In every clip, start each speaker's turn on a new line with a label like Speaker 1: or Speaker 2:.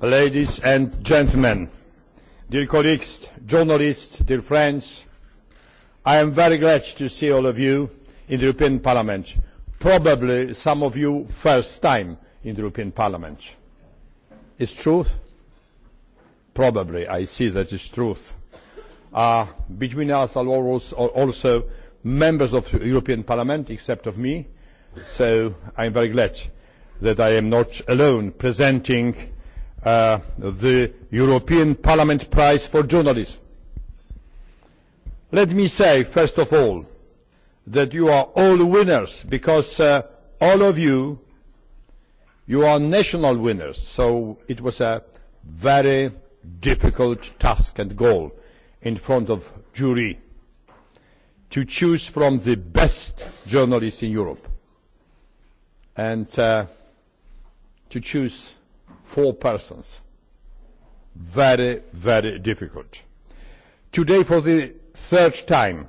Speaker 1: ladies and gentlemen, dear colleagues, journalists, dear friends, I am very glad to see all of you in the European Parliament. Probably some of you first time in the European Parliament. Is truth? Probably, I see that is truth. Uh, between us are also members of the European Parliament, except of me, so I am very glad that I am not alone presenting uh, the European Parliament Prize for Journalism. Let me say, first of all, that you are all winners because uh, all of you, you are national winners. So it was a very difficult task and goal in front of jury to choose from the best journalists in Europe and uh, to choose four persons. Very, very difficult. Today, for the third time,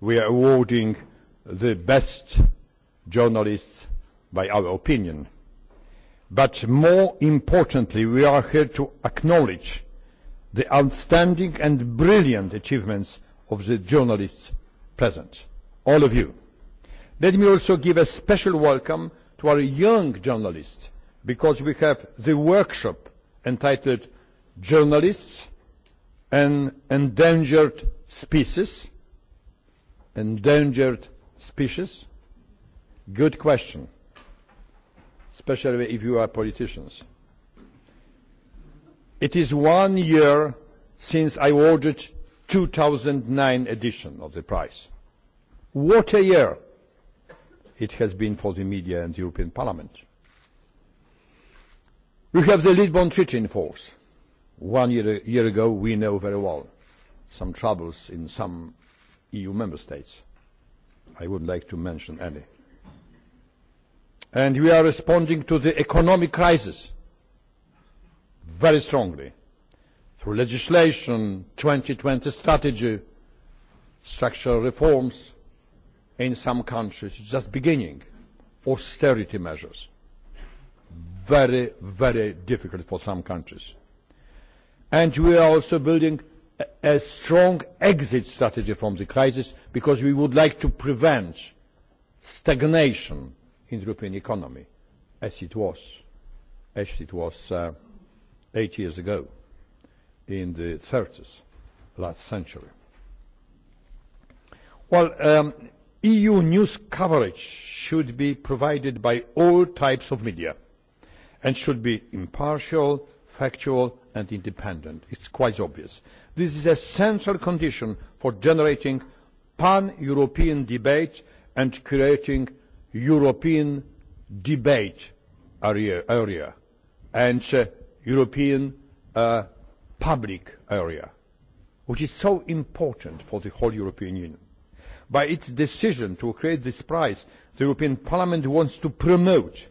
Speaker 1: we are awarding the best journalists by our opinion. But more importantly, we are here to acknowledge the outstanding and brilliant achievements of the journalists present, all of you. Let me also give a special welcome to our young journalists because we have the workshop entitled Journalists and Endangered Species. Endangered Species? Good question, especially if you are politicians. It is one year since I ordered 2009 edition of the prize. What a year it has been for the media and the European Parliament We have the Lisbon Treaty in force. One year, year ago, we know very well some troubles in some EU member states. I wouldn't like to mention any. And we are responding to the economic crisis very strongly through legislation, 2020 strategy, structural reforms in some countries, just beginning, austerity measures very, very difficult for some countries. And we are also building a, a strong exit strategy from the crisis because we would like to prevent stagnation in the European economy as it was, as it was uh, eight years ago in the 30s, last century. Well, um, EU news coverage should be provided by all types of media and should be impartial, factual and independent. It's quite obvious. This is an essential condition for generating pan-European debate and creating European debate area, area and uh, European uh, public area, which is so important for the whole European Union. By its decision to create this prize, the European Parliament wants to promote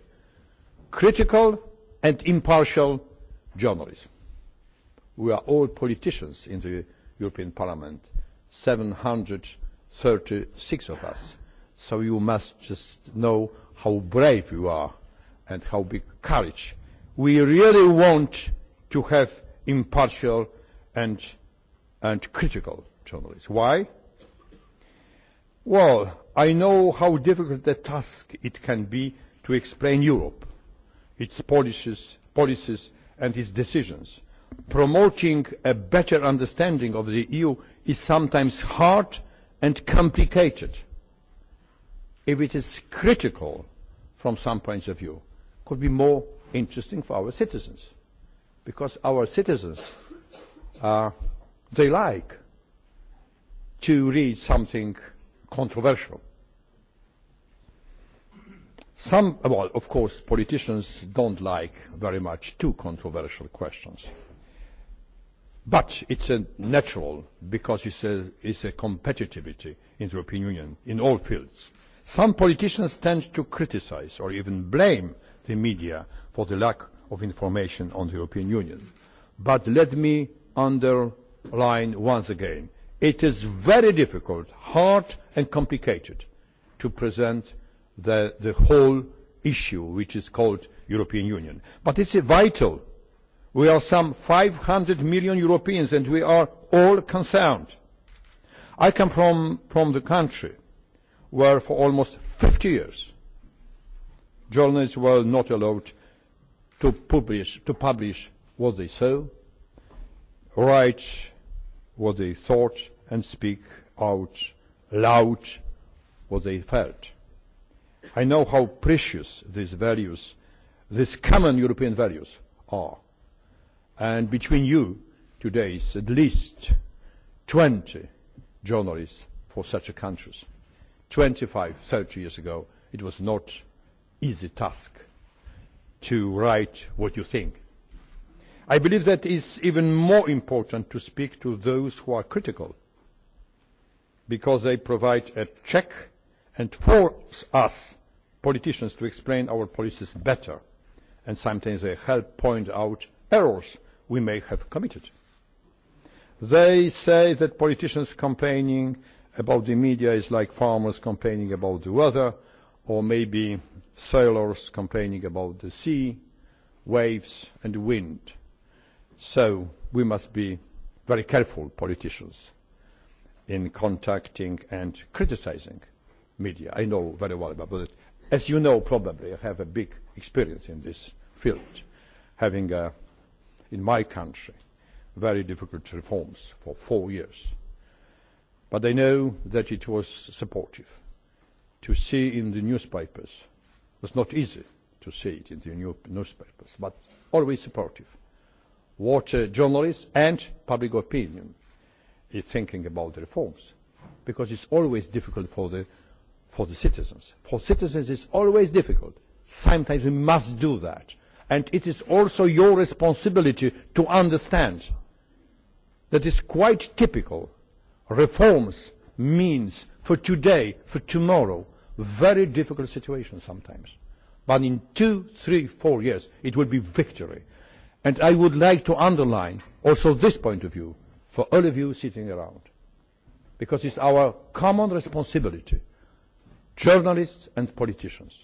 Speaker 1: critical and impartial journalism. We are all politicians in the European Parliament, seven hundred thirty six of us. So you must just know how brave you are and how big courage. We really want to have impartial and, and critical journalists. Why? Well, I know how difficult a task it can be to explain Europe its policies, policies and its decisions. Promoting a better understanding of the EU is sometimes hard and complicated if it is critical from some points of view, could be more interesting for our citizens. Because our citizens, uh, they like to read something controversial. Some, well, of course, politicians don't like very much too controversial questions. But it's a natural because it's a, it's a competitivity in the European Union in all fields. Some politicians tend to criticize or even blame the media for the lack of information on the European Union. But let me underline once again, it is very difficult, hard and complicated to present the, the whole issue, which is called European Union. But it's vital. We are some 500 million Europeans and we are all concerned. I come from, from the country where for almost 50 years journalists were not allowed to publish, to publish what they saw, write what they thought and speak out loud what they felt i know how precious these values, these common European values are. And between you today is at least 20 journalists for such countries. 25, 30 years ago, it was not easy task to write what you think. I believe that it's even more important to speak to those who are critical because they provide a check and force us politicians to explain our policies better and sometimes they help point out errors we may have committed. They say that politicians complaining about the media is like farmers complaining about the weather or maybe sailors complaining about the sea, waves and wind. So we must be very careful politicians in contacting and criticizing media. I know very well about it. As you know, probably I have a big experience in this field, having, uh, in my country, very difficult reforms for four years. But I know that it was supportive. To see in the newspapers was not easy to see it in the new newspapers, but always supportive. What uh, journalists and public opinion is thinking about the reforms, because it's always difficult for the for the citizens. For citizens, it's always difficult. Sometimes we must do that. And it is also your responsibility to understand that it's quite typical. Reforms means for today, for tomorrow, very difficult situation sometimes. But in two, three, four years, it will be victory. And I would like to underline also this point of view for all of you sitting around. Because it's our common responsibility journalists and politicians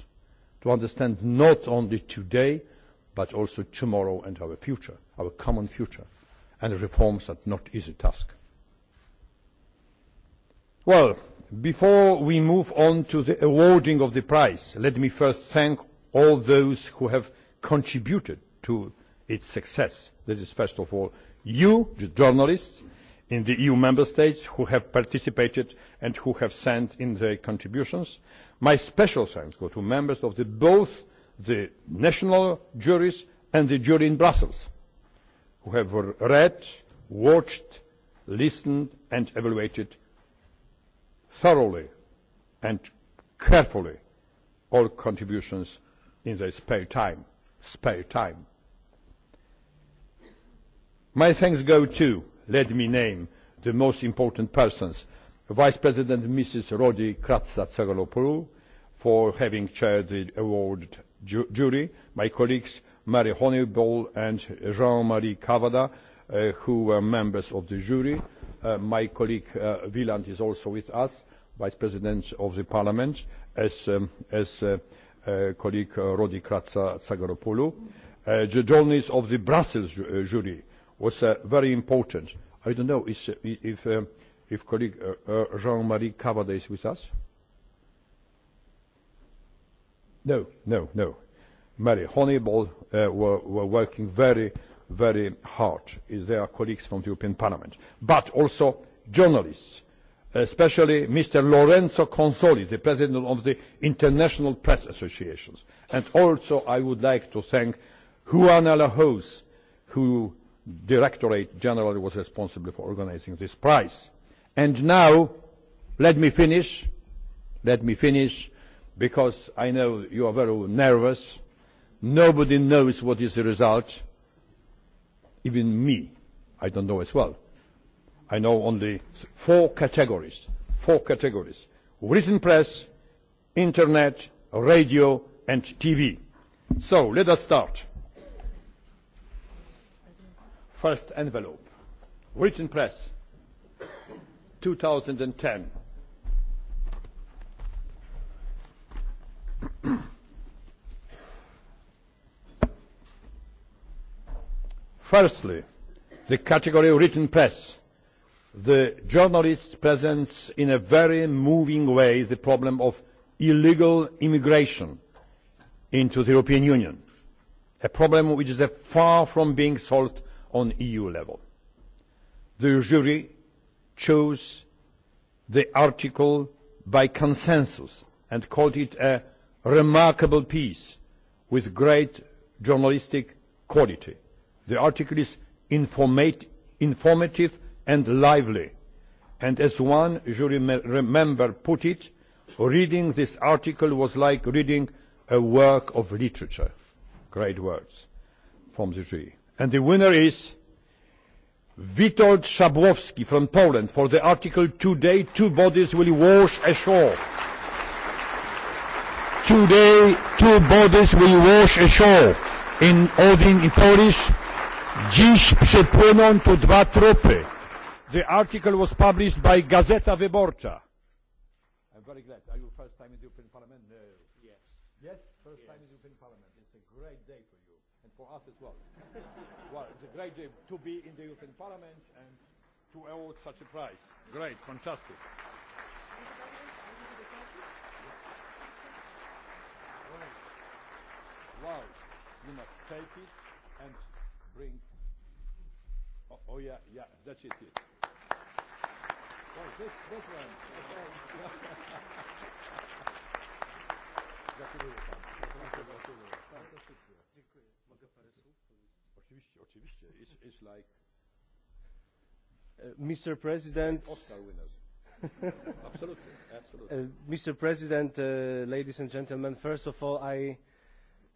Speaker 1: to understand not only today but also tomorrow and our future, our common future, and reforms are not easy task. Well, before we move on to the awarding of the prize, let me first thank all those who have contributed to its success. That is, first of all, you, the journalists, in the eu member states who have participated and who have sent in their contributions. my special thanks go to members of the, both the national juries and the jury in brussels who have read watched listened and evaluated thoroughly and carefully all contributions in their spare time spare time. my thanks go too let me name the most important persons vice president mrs rodi kratsa tsagalopoulou for having chaired the award ju jury my colleagues mary honeyball and jean marie cavada uh, who were members of the jury uh, my colleague uh, Wieland is also with us vice president of the parliament as um, as uh, uh, colleague uh, rodi kratsa tsagalopoulou uh, the journeys of the brussels ju uh, jury was uh, very important i don't know is, uh, if, uh, if colleague uh, uh, Jean-Marie Cavada is with us. No, no, no. Mary Honeyball uh, were, were working very, very hard. They are colleagues from the European Parliament. But also journalists, especially Mr. Lorenzo Consoli, the president of the International Press Associations. And also I would like to thank Juana Lajos, who Directorate General was responsible for organizing this prize. And now, let me finish. Let me finish, because I know you are very nervous. Nobody knows what is the result. Even me, I don't know as well. I know only four categories. Four categories. Written press, internet, radio, and TV. So let us start first envelope written press 2010 firstly the category written press the journalist presents in a very moving way the problem of illegal immigration into the european union a problem which is far from being solved on EU level. The jury chose the article by consensus and called it a remarkable piece with great journalistic quality. The article is informat informative and lively. And as one jury member put it, reading this article was like reading a work of literature. Great words from the jury. And the winner is Witold Szabłowski from Poland for the article Today Two Bodies Will Wash Ashore. Today Two Bodies Will Wash Ashore. In Odin in Polish, dziś przypłyną tu dwa trupy. The article was published by Gazeta Wyborcza. I'm very glad. Are you first time in the European Parliament? No. Yes. Yes? First yes. time in the European Parliament. It's a great day for you and for us as well well, it's a great day to be in the European Parliament and to award such a prize. Great, fantastic. Wow, you must take it and bring. Oh, oh yeah, yeah, that's it. it. Oh, this, this one. Gratuluję panu. Gratuluję. Oczywiście, oczywiście. It's, it's like
Speaker 2: uh, Mr. President. Oscar winners. absolutely, absolutely. Uh, Mr. President, uh, ladies and gentlemen, first of all, I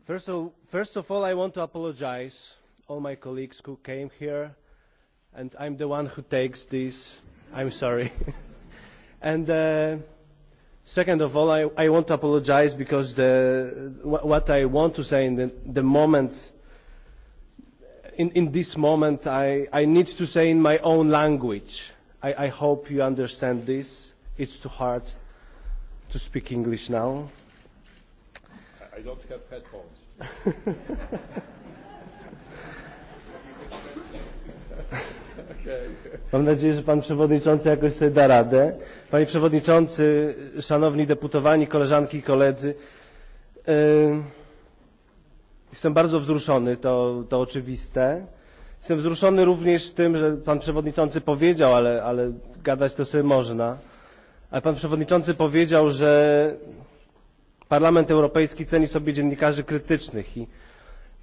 Speaker 2: first of, first of all I want to apologize all my colleagues who came here, and I'm the one who takes this. I'm sorry. and. Uh, Second of all, I, I want to apologize because the, what I want to say in the, the moment in, in this moment, I, I need to say in my own language. I, I hope you understand this. It's too hard to speak English now.
Speaker 1: I don't have headphones. Mam nadzieję,
Speaker 2: że pan przewodniczący jakoś sobie da radę. Panie przewodniczący, szanowni deputowani, koleżanki i koledzy, yy, Jestem bardzo wzruszony, to, to oczywiste. Jestem wzruszony również tym, że pan przewodniczący powiedział, ale, ale gadać to sobie można, ale pan przewodniczący powiedział, że Parlament Europejski ceni sobie dziennikarzy krytycznych i,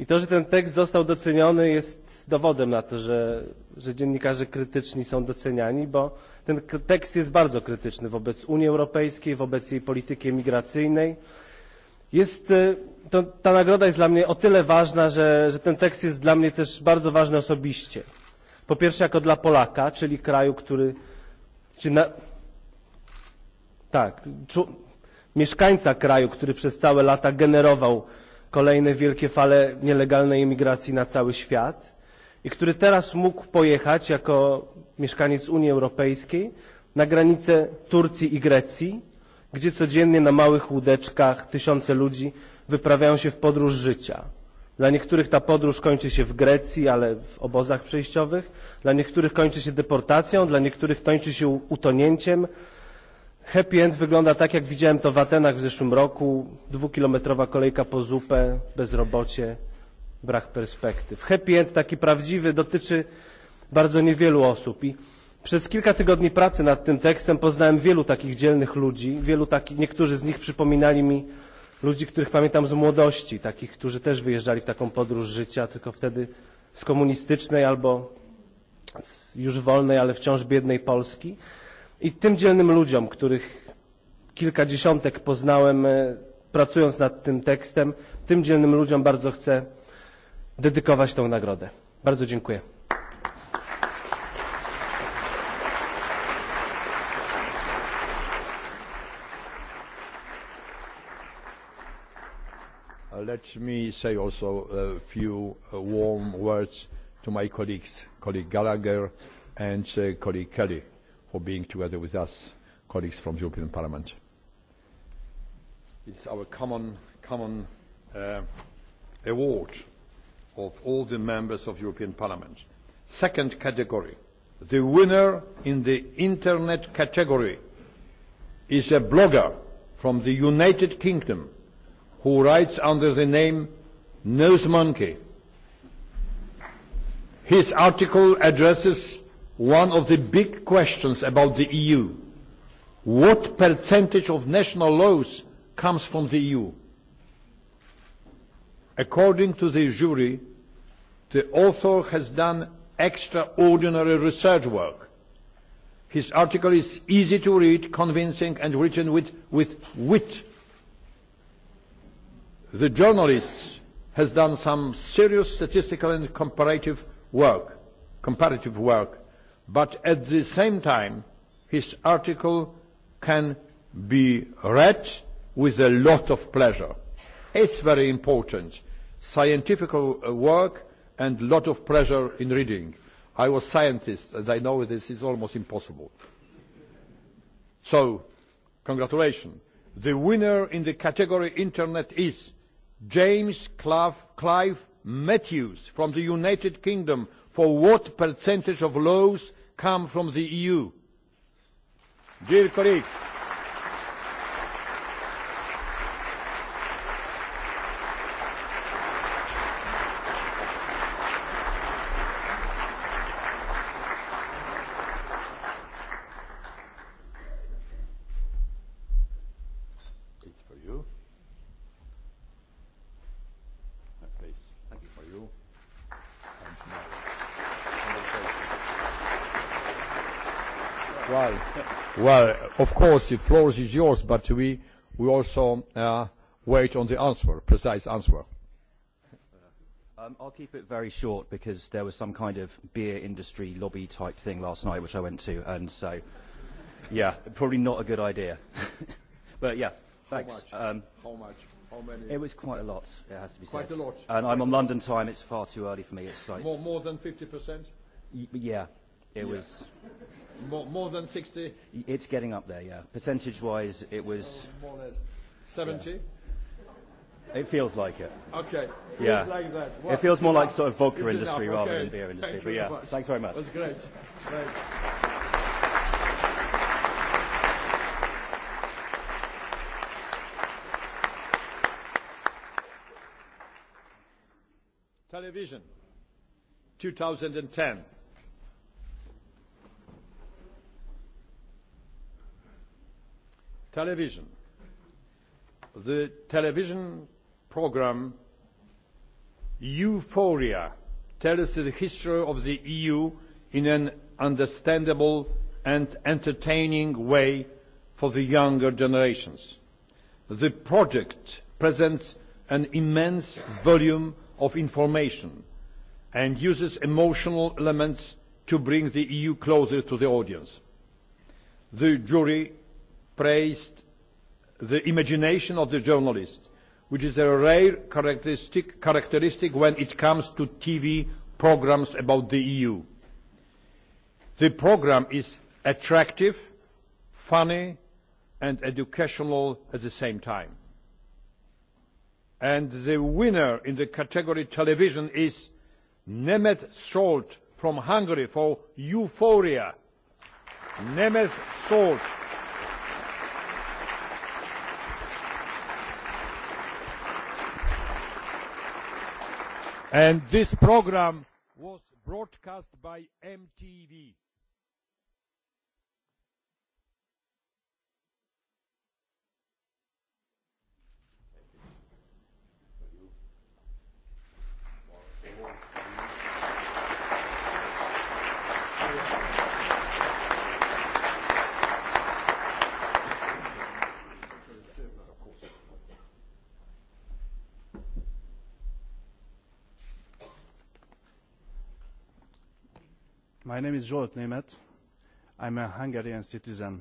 Speaker 2: i to, że ten tekst został doceniony jest dowodem na to, że, że dziennikarze krytyczni są doceniani, bo ten tekst jest bardzo krytyczny wobec Unii Europejskiej, wobec jej polityki migracyjnej, Jest, e, to, ta nagroda jest dla mnie o tyle ważna, że, że ten tekst jest dla mnie też bardzo ważny osobiście. Po pierwsze jako dla Polaka, czyli kraju, który... Czy na, tak, czu, mieszkańca kraju, który przez całe lata generował kolejne wielkie fale nielegalnej imigracji na cały świat i który teraz mógł pojechać jako mieszkaniec Unii Europejskiej na granicę Turcji i Grecji gdzie codziennie na małych łódeczkach tysiące ludzi wyprawiają się w podróż życia. Dla niektórych ta podróż kończy się w Grecji, ale w obozach przejściowych, dla niektórych kończy się deportacją, dla niektórych kończy się utonięciem. Happy end wygląda tak, jak widziałem to w Atenach w zeszłym roku. Dwukilometrowa kolejka po zupę, bezrobocie, brak perspektyw. Happy end taki prawdziwy dotyczy bardzo niewielu osób i Przez kilka tygodni pracy nad tym tekstem poznałem wielu takich dzielnych ludzi, wielu taki, niektórzy z nich przypominali mi ludzi, których pamiętam z młodości, takich, którzy też wyjeżdżali w taką podróż życia, tylko wtedy z komunistycznej albo z już wolnej, ale wciąż biednej Polski. I tym dzielnym ludziom, których kilkadziesiątek poznałem e, pracując nad tym tekstem, tym dzielnym ludziom bardzo chcę dedykować tę nagrodę. Bardzo dziękuję.
Speaker 1: Uh, let me say also a few uh, warm words to my colleagues, colleague Gallagher and uh, colleague Kelly, for being together with us, colleagues from the European Parliament. It's our common, common uh, award of all the members of the European Parliament. Second category, the winner in the internet category is a blogger from the United Kingdom who writes under the name Nose Monkey. His article addresses one of the big questions about the EU. What percentage of national laws comes from the EU? According to the jury, the author has done extraordinary research work. His article is easy to read, convincing, and written with, with wit the journalists has done some serious statistical and comparative work, comparative work, but at the same time, his article can be read with a lot of pleasure. It's very important. Scientific work and a lot of pleasure in reading. I was scientist, and I know this is almost impossible. So, congratulations. The winner in the category Internet is James Clive, Clive Matthews from the United Kingdom for what percentage of laws come from the EU? Dear colleague. course, the floor is yours, but we, also uh, wait on the answer, precise answer. Um, I'll keep it very short because
Speaker 3: there was some kind of beer industry lobby type thing last night, which I went to, and so, yeah, probably not a good idea. but yeah,
Speaker 1: thanks. How much? Um, How much? How many? It was quite a lot, it has to be said. Quite a lot.
Speaker 3: I'm on London time, it's far too early for me. It's like,
Speaker 1: more, than 50%?
Speaker 3: Y- yeah, it yeah. was. More, more than 60? It's getting up there, yeah. Percentage-wise, it was...
Speaker 1: Oh, more or less. 70?
Speaker 3: It feels like it. Okay. Feels yeah. like that. Well, it feels more enough. like sort of vodka it's industry enough. rather okay. than beer industry. Thank but yeah, much. thanks very much.
Speaker 1: That's great. great. Television, 2010. television. The television program Euphoria tells the history of the EU in an understandable and entertaining way for the younger generations. The project presents an immense volume of information and uses emotional elements to bring the EU closer to the audience. The jury praised the imagination of the journalist, which is a rare characteristic, characteristic when it comes to TV programs about the EU. The program is attractive, funny, and educational at the same time. And the winner in the category television is Nemeth Salt from Hungary for Euphoria. Nemeth Salt. and this program was broadcast by MTV.
Speaker 4: My name is Zsolt Német. I'm a Hungarian citizen.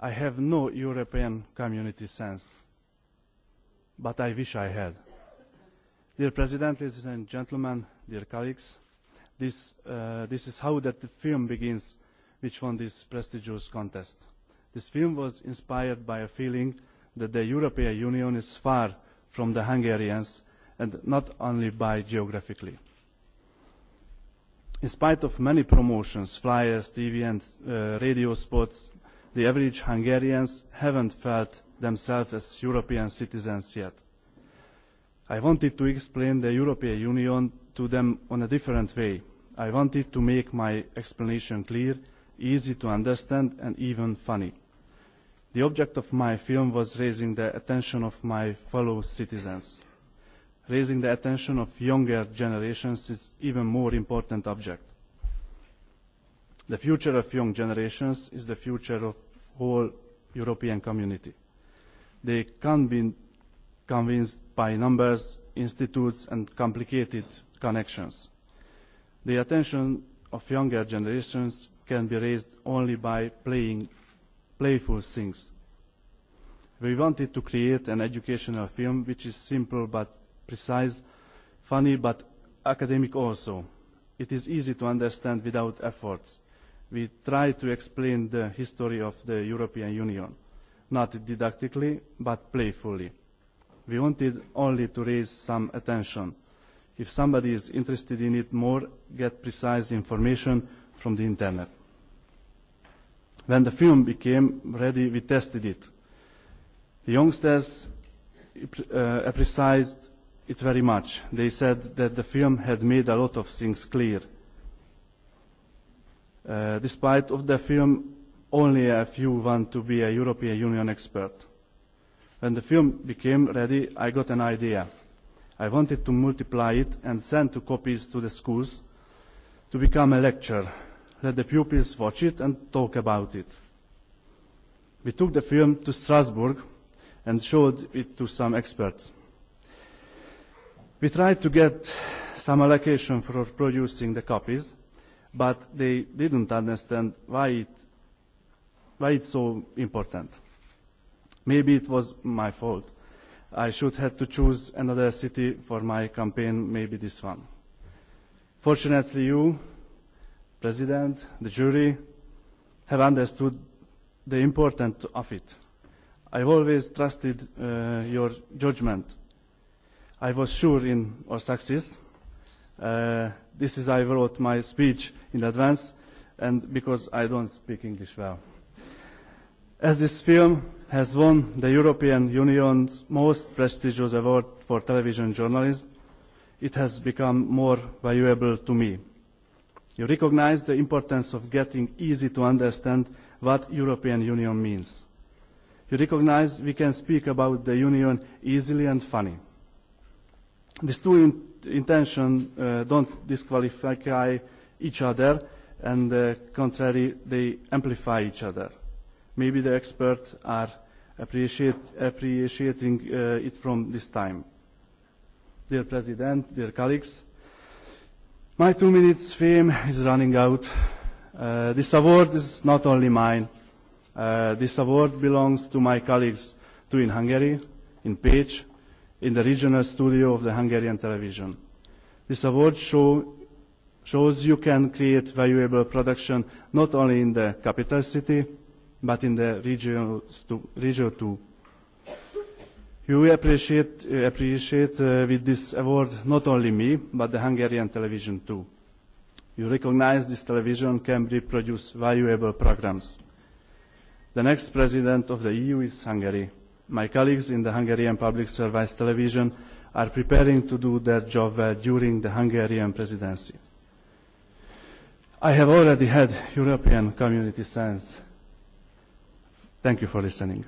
Speaker 4: I have no European community sense, but I wish I had. Dear President, ladies and gentlemen, dear colleagues, this, uh, this is how that the film begins, which won this prestigious contest. This film was inspired by a feeling that the European Union is far from the Hungarians, and not only by geographically. In spite of many promotions, flyers, TV and uh, radio spots, the average Hungarians haven't felt themselves as European citizens yet. I wanted to explain the European Union to them on a different way. I wanted to make my explanation clear, easy to understand and even funny. The object of my film was raising the attention of my fellow citizens raising the attention of younger generations is even more important object. The future of young generations is the future of whole European community. They can't be convinced by numbers, institutes and complicated connections. The attention of younger generations can be raised only by playing playful things. We wanted to create an educational film which is simple but precise, funny but academic also. It is easy to understand without efforts. We try to explain the history of the European Union, not didactically, but playfully. We wanted only to raise some attention. If somebody is interested in it more, get precise information from the internet. When the film became ready, we tested it. The youngsters uh, appreciated it very much. They said that the film had made a lot of things clear. Uh, despite of the film, only a few want to be a European Union expert. When the film became ready, I got an idea. I wanted to multiply it and send two copies to the schools to become a lecture. Let the pupils watch it and talk about it. We took the film to Strasbourg and showed it to some experts. We tried to get some allocation for producing the copies, but they didn't understand why, it, why it's so important. Maybe it was my fault. I should have to choose another city for my campaign, maybe this one. Fortunately, you, President, the jury, have understood the importance of it. I've always trusted uh, your judgment i was sure in our success. Uh, this is I wrote my speech in advance, and because I don't speak English well. As this film has won the European Union's most prestigious award for television journalism, it has become more valuable to me. You recognize the importance of getting easy to understand what European Union means. You recognize we can speak about the Union easily and funny These two in intention uh, don't disqualify each other, and uh, contrary, they amplify each other. Maybe the experts are appreciate, appreciating uh, it from this time. Dear President, dear colleagues, my two minutes fame is running out. Uh, this award is not only mine. Uh, this award belongs to my colleagues, too in Hungary, in Page, in the regional studio of the Hungarian television. This award show shows you can create valuable production not only in the capital city, but in the region, stu, region too. You appreciate, uh, appreciate uh, with this award not only me, but the Hungarian television too. You recognize this television can reproduce valuable programs. The next president of the EU is Hungary. My colleagues in the Hungarian Public Service Television are preparing to do their job well uh, during the Hungarian presidency. I have already had European community sense. Thank you for listening.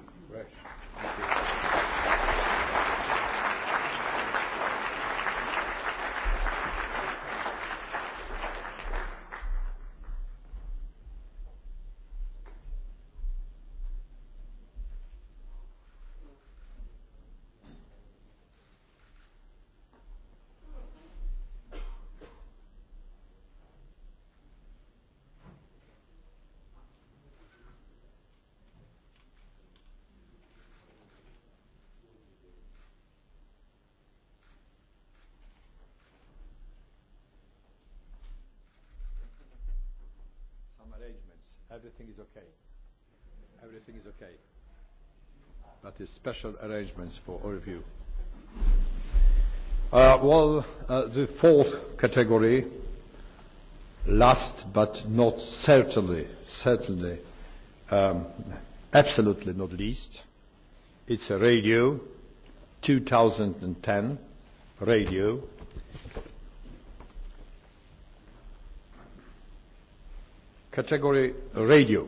Speaker 1: Okay. That is special arrangements for review. Uh, well, uh, the fourth category, last but not certainly, certainly, um, absolutely not least, it's a radio, 2010 radio. Category radio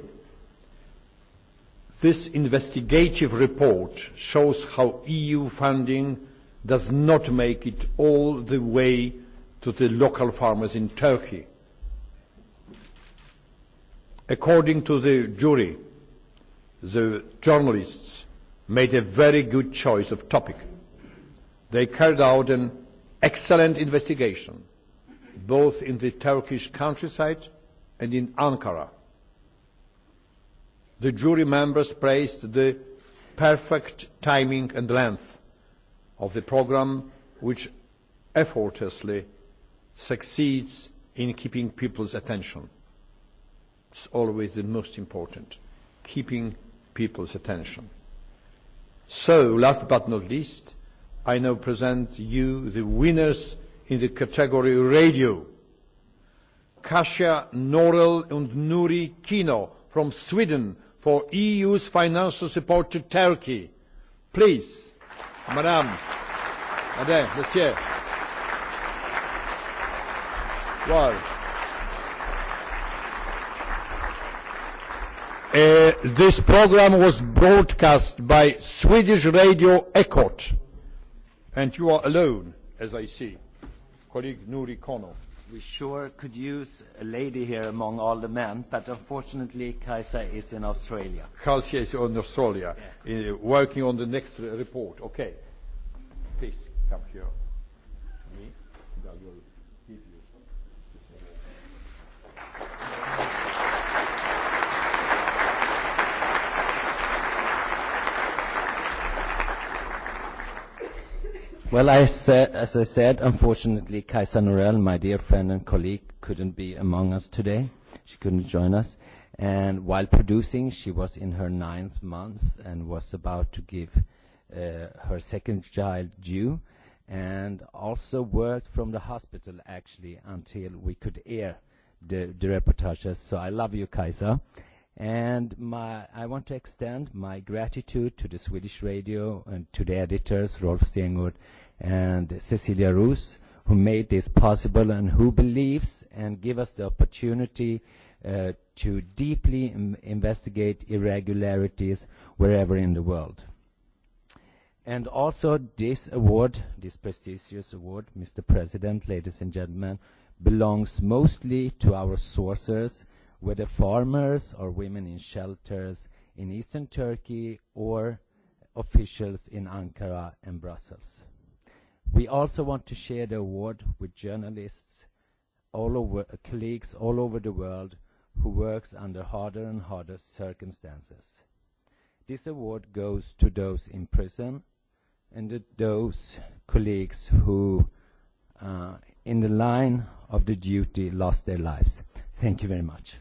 Speaker 1: This investigative report shows how EU funding does not make it all the way to the local farmers in Turkey. According to the jury, the journalists made a very good choice of topic. They carried out an excellent investigation, both in the Turkish countryside and in Ankara The jury members praised the perfect timing and length of the programme, which effortlessly succeeds in keeping people's attention. It's always the most important, keeping people's attention. So, last but not least, I now present you the winners in the category radio. Kasia Norel and Nuri Kino from Sweden for EU's financial support to Turkey. Please, Madame, Madame, Monsieur. Uh, this program was broadcast by Swedish radio Ekot, and you are alone, as I see, colleague Nuri Konov we sure could use
Speaker 3: a lady here among all the men, but unfortunately, Kaisa is in Australia. Kaisa
Speaker 1: is in Australia, yeah. uh, working on the next report. Okay. Please, come here.
Speaker 3: Well, I sa- as I said, unfortunately, Kaisa Norell, my dear friend and colleague, couldn't be among us today. She couldn't join us. And while producing, she was in her ninth month and was about to give uh, her second child due and also worked from the hospital, actually, until we could air the, the reportages. So I love you, Kaisa. And my, I want to extend my gratitude to the Swedish radio and to the editors, Rolf Stengurt, and Cecilia Roos, who made this possible and who believes and give us the opportunity uh, to deeply Im- investigate irregularities wherever in the world. And also this award, this prestigious award, Mr. President, ladies and gentlemen, belongs mostly to our sources, whether farmers or women in shelters in eastern Turkey or officials in Ankara and Brussels. We also want to share the award with journalists, all over, uh, colleagues all over the world who works under harder and harder circumstances. This award goes to those in prison and to those colleagues who, uh, in the line of the duty, lost their lives. Thank you very much.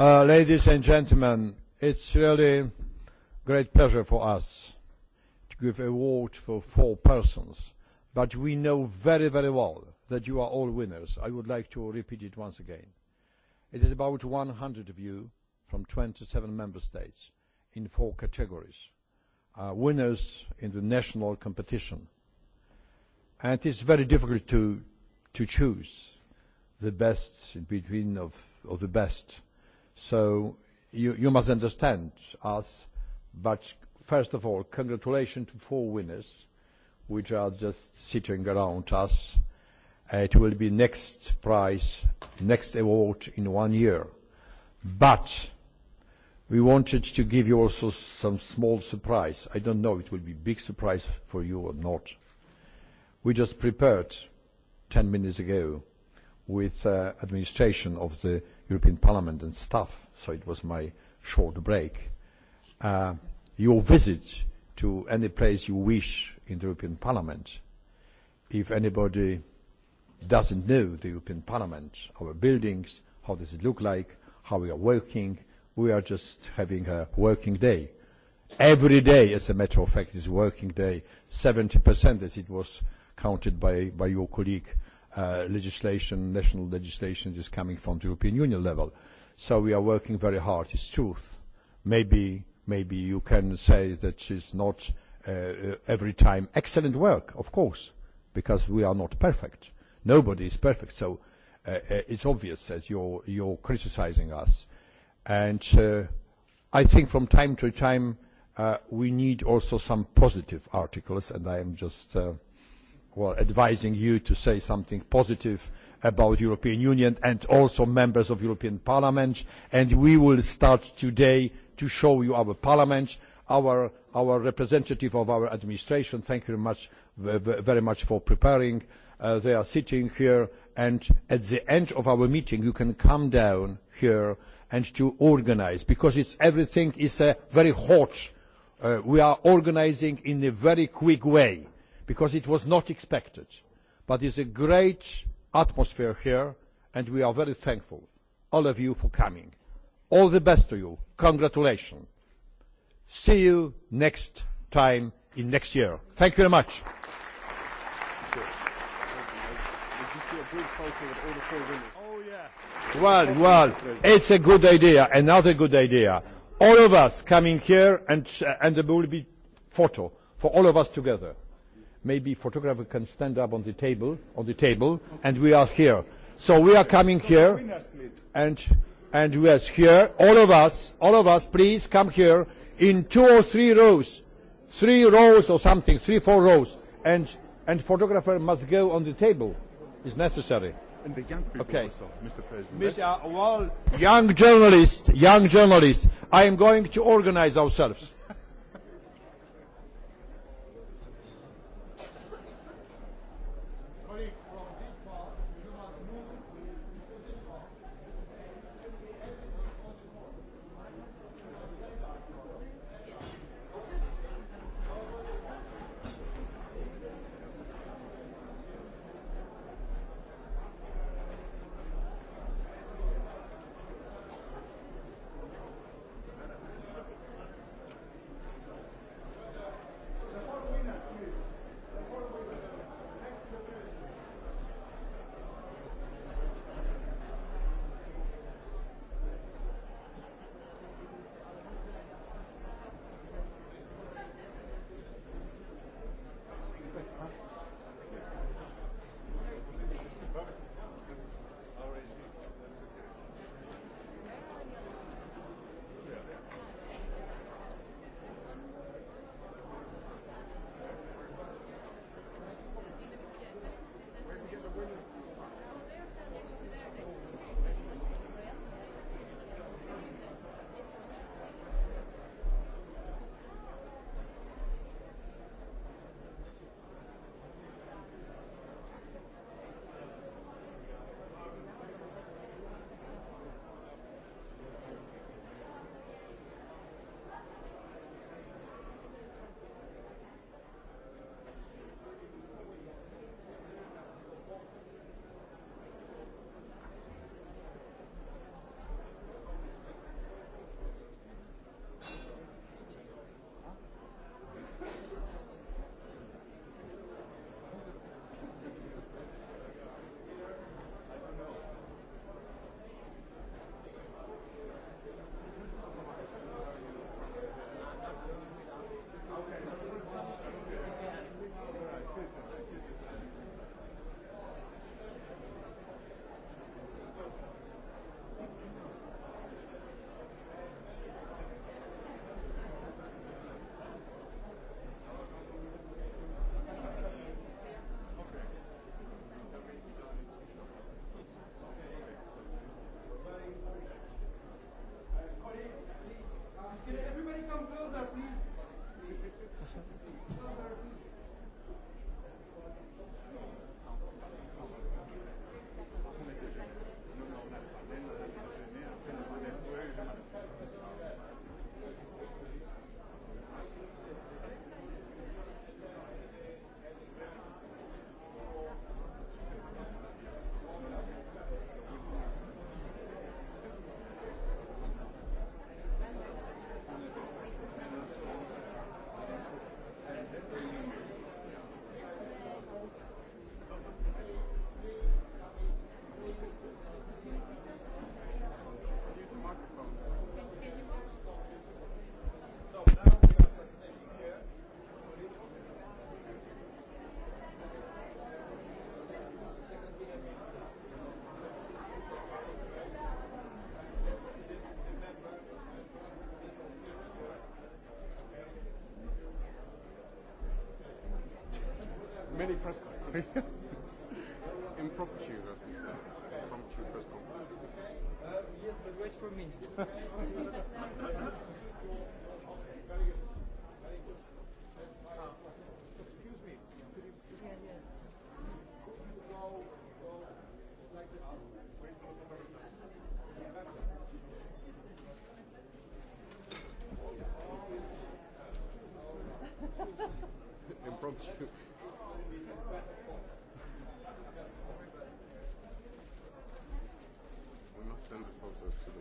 Speaker 1: Uh, ladies and gentlemen, it's really great pleasure for us to give award for four persons, but we know very, very well that you are all winners. I would like to repeat it once again. It is about 100 of you from 27 member states in four categories, uh, winners in the national competition. And it is very difficult to, to choose the best in between of the best so you, you must understand us, but first of all, congratulations to four winners, which are just sitting around us. it will be next prize, next award in one year. But we wanted to give you also some small surprise. I don't know it will be big surprise for you or not. We just prepared 10 minutes ago with uh, administration of the European Parliament and staff, so it was my short break. Uh, your visit to any place you wish in the European Parliament, if anybody doesn't know the European Parliament, our buildings, how does it look like, how we are working, we are just having a working day. Every day, as a matter of fact, is a working day. 70%, as it was counted by, by your colleague, uh, legislation, national legislation is coming from the European Union level. So we are working very hard, it's truth. Maybe, maybe you can say that it's not uh, uh every time excellent work, of course, because we are not perfect. Nobody is perfect, so uh, uh, it's obvious that you're, you're criticizing us. And uh, I think from time to time uh, we need also some positive articles, and I am just uh, well, advising you to say something positive about the European Union and also members of European Parliament. And we will start today to show you our Parliament, our, our representative of our administration. Thank you very much, very much for preparing. Uh, they are sitting here and at the end of our meeting you can come down here and to organize because it's, everything is uh, very hot. Uh, we are organizing in a very quick way because it was not expected. But it's a great atmosphere here, and we are very thankful, all of you, for coming. All the best to you. Congratulations. See you next time in next year. Thank you very much. Well, well, it's a good idea, another good idea. All of us coming here and, uh, and there will be photo for all of us together maybe photographer can stand up on the table, on the table, okay. and we are here. So we are coming here, and and we are here, all of us, all of us, please come here in two or three rows, three rows or something, three, four rows, and and photographer must go on the table, is necessary. And the young people okay. also, Mr. President. Miss, uh, well, young journalists, young journalists, I am going to organize ourselves.
Speaker 3: Impromptu, as we say. Impromptu press conference. Uh, yes, but wait for me.
Speaker 1: Excuse me. Could you, go, like
Speaker 3: the Impromptu. We must send the photos to the